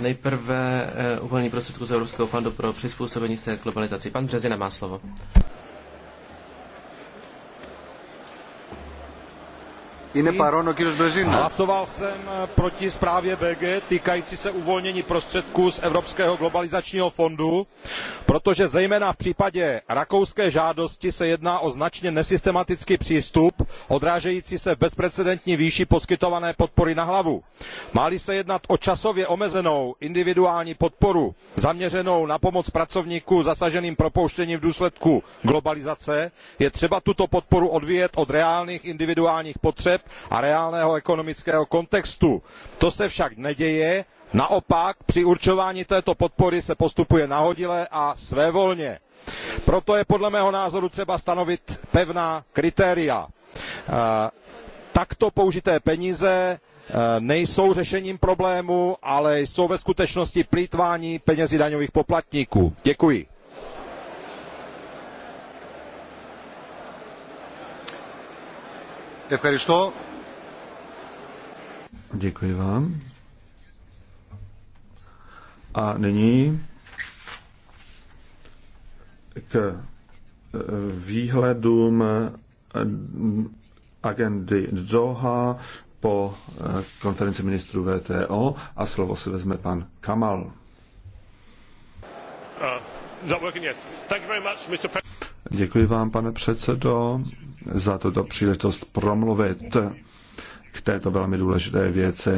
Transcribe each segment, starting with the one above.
Nejprve eh, uvolnění prostředků z Evropského fondu pro přizpůsobení se globalizaci. Pan Březina má slovo. hlasoval jsem eh, proti zprávě BG týkající se uvolnění prostředků z evropského globalizačního fondu protože zejména v případě rakouské žádosti se jedná o značně nesystematický přístup odrážející se v bezprecedentní výši poskytované podpory na hlavu. má li se jednat o časově omezenou individuální podporu zaměřenou na pomoc pracovníkům zasaženým propouštěním v důsledku globalizace je třeba tuto podporu odvíjet od reálných individuálních potřeb a reálného ekonomického kontextu. to se však neděje naopak při určování této podpory se postupuje nahodile a svévolně. proto je podle mého názoru třeba stanovit pevná kritéria. Eh, takto použité peníze eh, nejsou řešením problému ale jsou ve skutečnosti plýtvání penězi daňových poplatníků. děkuji. Děkuji vám. A nyní k eh, výhledům eh, agendy Doha po eh, konferenci ministrů VTO a slovo si vezme pan Kamal. Uh, Děkuji vám, pane předsedo za tuto příležitost promluvit k této velmi důležité věci.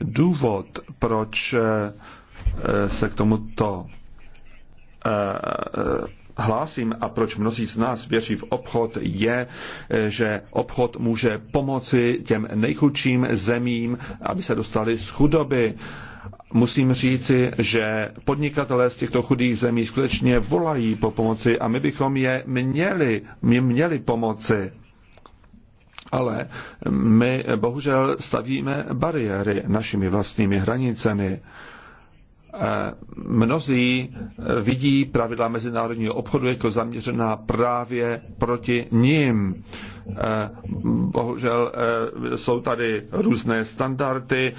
Důvod, proč eh, se k tomuto eh, hlásím a proč mnozí z nás věří v obchod, je, eh, že obchod může pomoci těm nejchudším zemím, aby se dostali z chudoby musím říci, že podnikatelé z těchto chudých zemí skutečně volají po pomoci a my bychom je měli, my měli pomoci. Ale my bohužel stavíme bariéry našimi vlastními hranicemi. Eh, mnozí eh, vidí pravidla mezinárodního obchodu jako zaměřená právě proti ním. Eh, bohužel jsou tady různé standardy,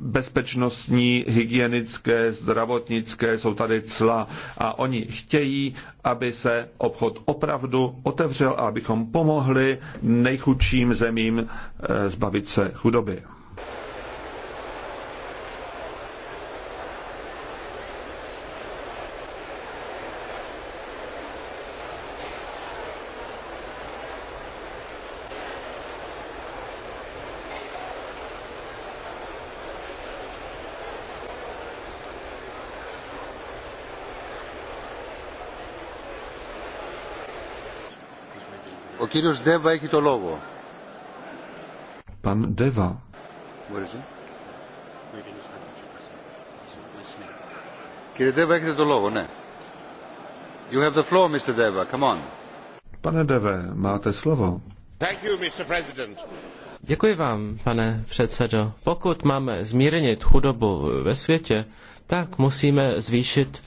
bezpečnostní, hygienické, zdravotnické, jsou tady cla a oni chtějí, aby se obchod opravdu otevřel a abychom pomohli nejchudším zemím zbavit se chudoby. Pan Deva. You have the floor, Mr. Deva. Come on. Pane Deve, máte slovo. Thank you, Mr. President. Děkuji vám, pane předsedo. Pokud máme zmírnit chudobu ve světě, tak musíme zvýšit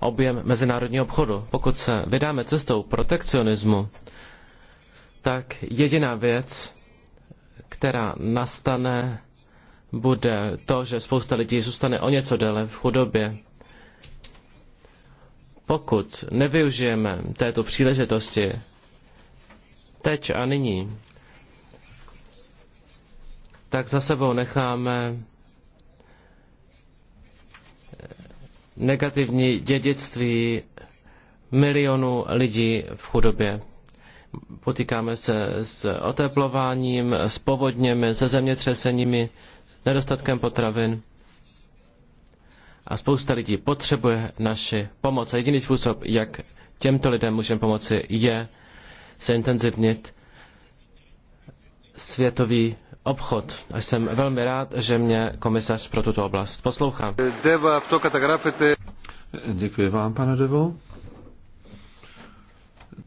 objem mezinárodního obchodu. Pokud se vydáme cestou protekcionismu, tak jediná věc, která nastane, bude to, že spousta lidí zůstane o něco déle v chudobě. Pokud nevyužijeme této příležitosti teď a nyní, tak za sebou necháme negativní dědictví milionů lidí v chudobě potýkáme se s oteplováním, s povodněmi, se zemětřeseními, s nedostatkem potravin. A spousta lidí potřebuje naši pomoc. A jediný způsob, jak těmto lidem můžeme pomoci, je se intenzivnit světový obchod. A jsem velmi rád, že mě komisař pro tuto oblast poslouchá. Deva, v to katagrafete. Děkuji vám, pane Devo.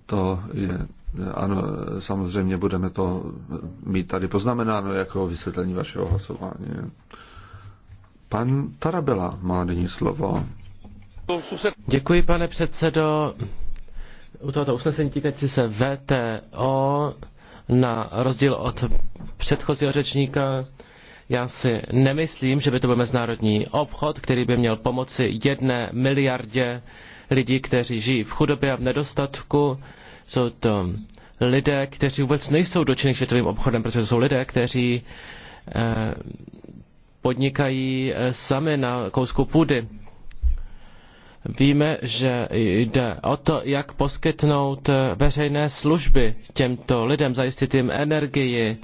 To je ano, samozřejmě budeme to mít tady poznamenáno jako vysvětlení vašeho hlasování. Pan Tarabela má nyní slovo. Děkuji, pane předsedo. U tohoto usnesení týkající se VTO, na rozdíl od předchozího řečníka, já si nemyslím, že by to byl mezinárodní obchod, který by měl pomoci jedné miliardě lidí, kteří žijí v chudobě a v nedostatku jsou to lidé, kteří vůbec nejsou dočeny světovým obchodem, protože to jsou lidé, kteří eh, podnikají eh, sami na kousku půdy. Víme, že jde o to, jak poskytnout eh, veřejné služby těmto lidem, zajistit jim energii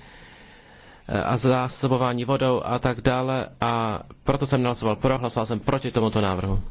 a zásobování vodou a tak dále. A proto jsem hlasoval pro, hlasoval jsem proti tomuto návrhu.